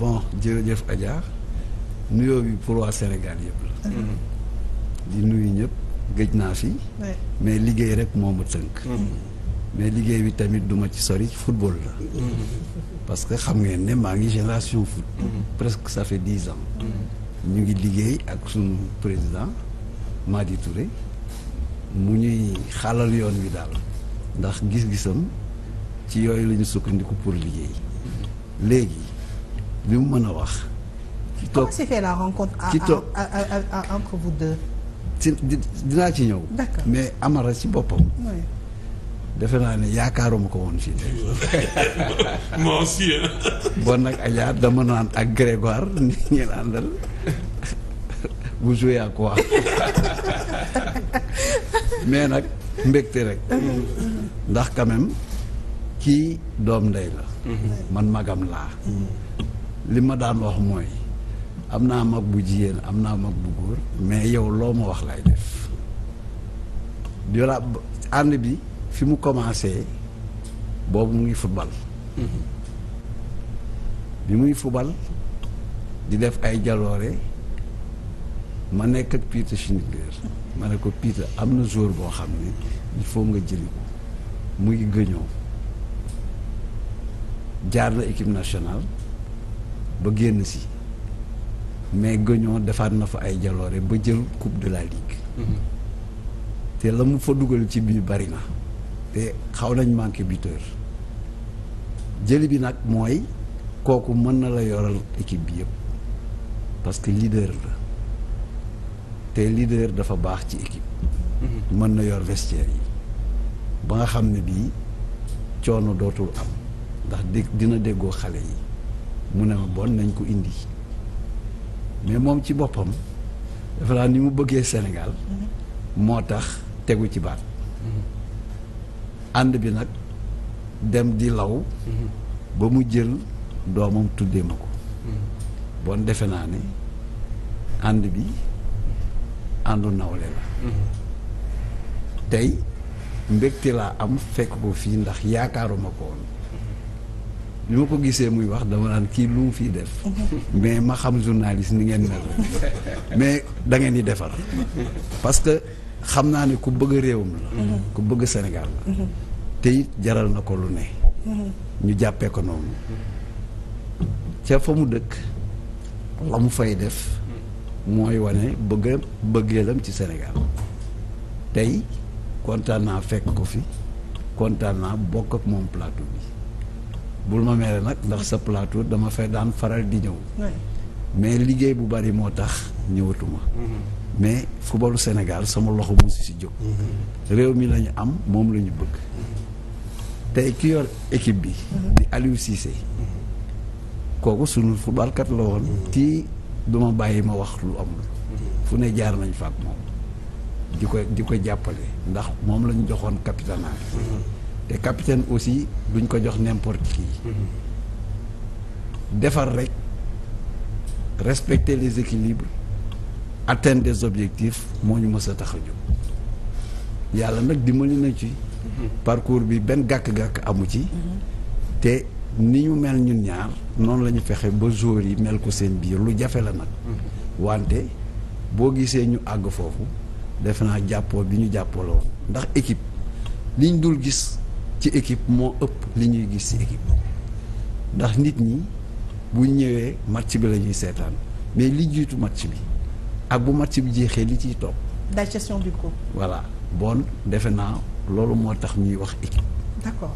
bon jërëjëf Adja nuyo bi pour Sénégal yëpp la. Mhm. di nuyu ñëpp gëj naa fi. mais liggéey rek moo ma tënk. Mhm. mais liggéey bi tamit duma ci sori football la. Mhm. parce que xam ngeen ne maa ngi génération foot. presque ça fait dix ans. ñu ngi liggéey ak sunu président Madi Touré mu ñuy xalal yoon wi daal ndax gis-gisam ci yooyu lañu sukkandiku pour liggéey léegi. li mu mën a wax. ci toog comment s'est ci toog dinaa ci ñëw. mais Amara ci boppam. defe naa ne yaakaaruma ko woon fii de. bon nag Adja dama naan ak Grégoire ni ñu àndal bu joué à quoi mais nag mbégte rek. ndax quand même kii doom ndey la. man magam laa. Mm. li ma daan wax mooy am naa mag bu jigéen am naa mag bu góor mais yow loo ma wax lay def yola ànd bi fi mu commencé boobu mu ngi football mm-hmm. bi muy football di def ay jaloore ma nekk ak Peter Schnittger ma ne ko Peter am na jour boo xam ne il faut nga jëli muy gëñoo jaar na équipe national ba génn si mais gëñoo defaat na fa ay jaloore ba jël coupe de la ligue. Mm-hmm. te la mu fa dugal ci biir bari na te xaw nañ manqué buteur jëli bi nag mooy kooku mën na la yoral équipe bi yëpp parce que leader la te lider dafa baax ci équipe. Mm-hmm. mën na yor vestiaire yi ba nga xam ne bii coono dootul am ndax dé dina déggoo xale yi. mu ne ma bon nañ ko indi mais moom ci boppam dafa laa ni mu bëggee Sénégal moo tax tegu ci baat ànd bi nag dem di law ba mu jël doomam tuddee ma ko bon defe naa ne ànd bi àndu nawle la tey mbégte laa am fekk ko fii ndax yaakaaruma ko bi ma ko gisee muy wax dama naan kii lu mu fiy def mais ma xam journaliste ni ngeen mel mais da ngeen di defar parce que xam naa ne ku bëgg réewam la ku bëgg Sénégal la te jaral na ko lu ne ñu jàppee ko noonu ca fa mu dëkk la mu fay def mooy wane bëgga bëggeelam ci Sénégal tey kontaan naa fekk ko fi kontaan naa bokk ak moom plateau bi bul ma mere nag ndax sa plateau dama fay daan faral di ñëw mais liggéey bu bari moo tax ñëwatuma mm-hmm. mais footballu Sénégal sama loxo musu si jóg mm-hmm. réew mi lañu am moom lañu bëgg mm-hmm. tey ki yor équipe bi di Aliou Cissé kooku sunu footballkat la woon kii duma bàyyi ma wax lu amul fu ne jaar nañ fa ak moom di ko di ko jàppale ndax moom lañu joxoon capitanat te capitaine aussi duñ ko jox n'importe qui. Mm-hmm. defar rek respecter les équilibres atteindre des objectifs moo ñu mës a tax a jóg yàlla nag di dimbali na ci. Mm-hmm. parcours bi benn gàkk-gàkk amu ci. Mm-hmm. te ni ñu mel ñun ñaar noonu lañu fexe ba jour yi mel ko seen biir lu jafe la nag. wante boo gisee ñu àgg foofu def naa jàppoo bi ñu jàppaloo ndax équipe liñ dul gis ci équipe moo ëpp li ñuy gis ci équipe ndax nit ñi bu ñëwee match bi la ñuy seetaan mais li jiitu match bi ak bu match bi jeexee li ciy topp. la gestion du coup. voilà bon defe naa loolu moo tax ñuy wax équipe. d'accord